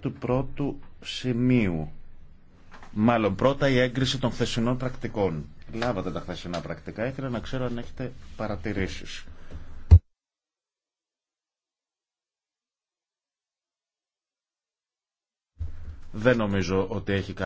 του πρώτου σημείου. Μάλλον πρώτα η έγκριση των χθεσινών πρακτικών. Λάβατε τα χθεσινά πρακτικά, ήθελα να ξέρω αν έχετε παρατηρήσεις. Δεν νομίζω ότι έχει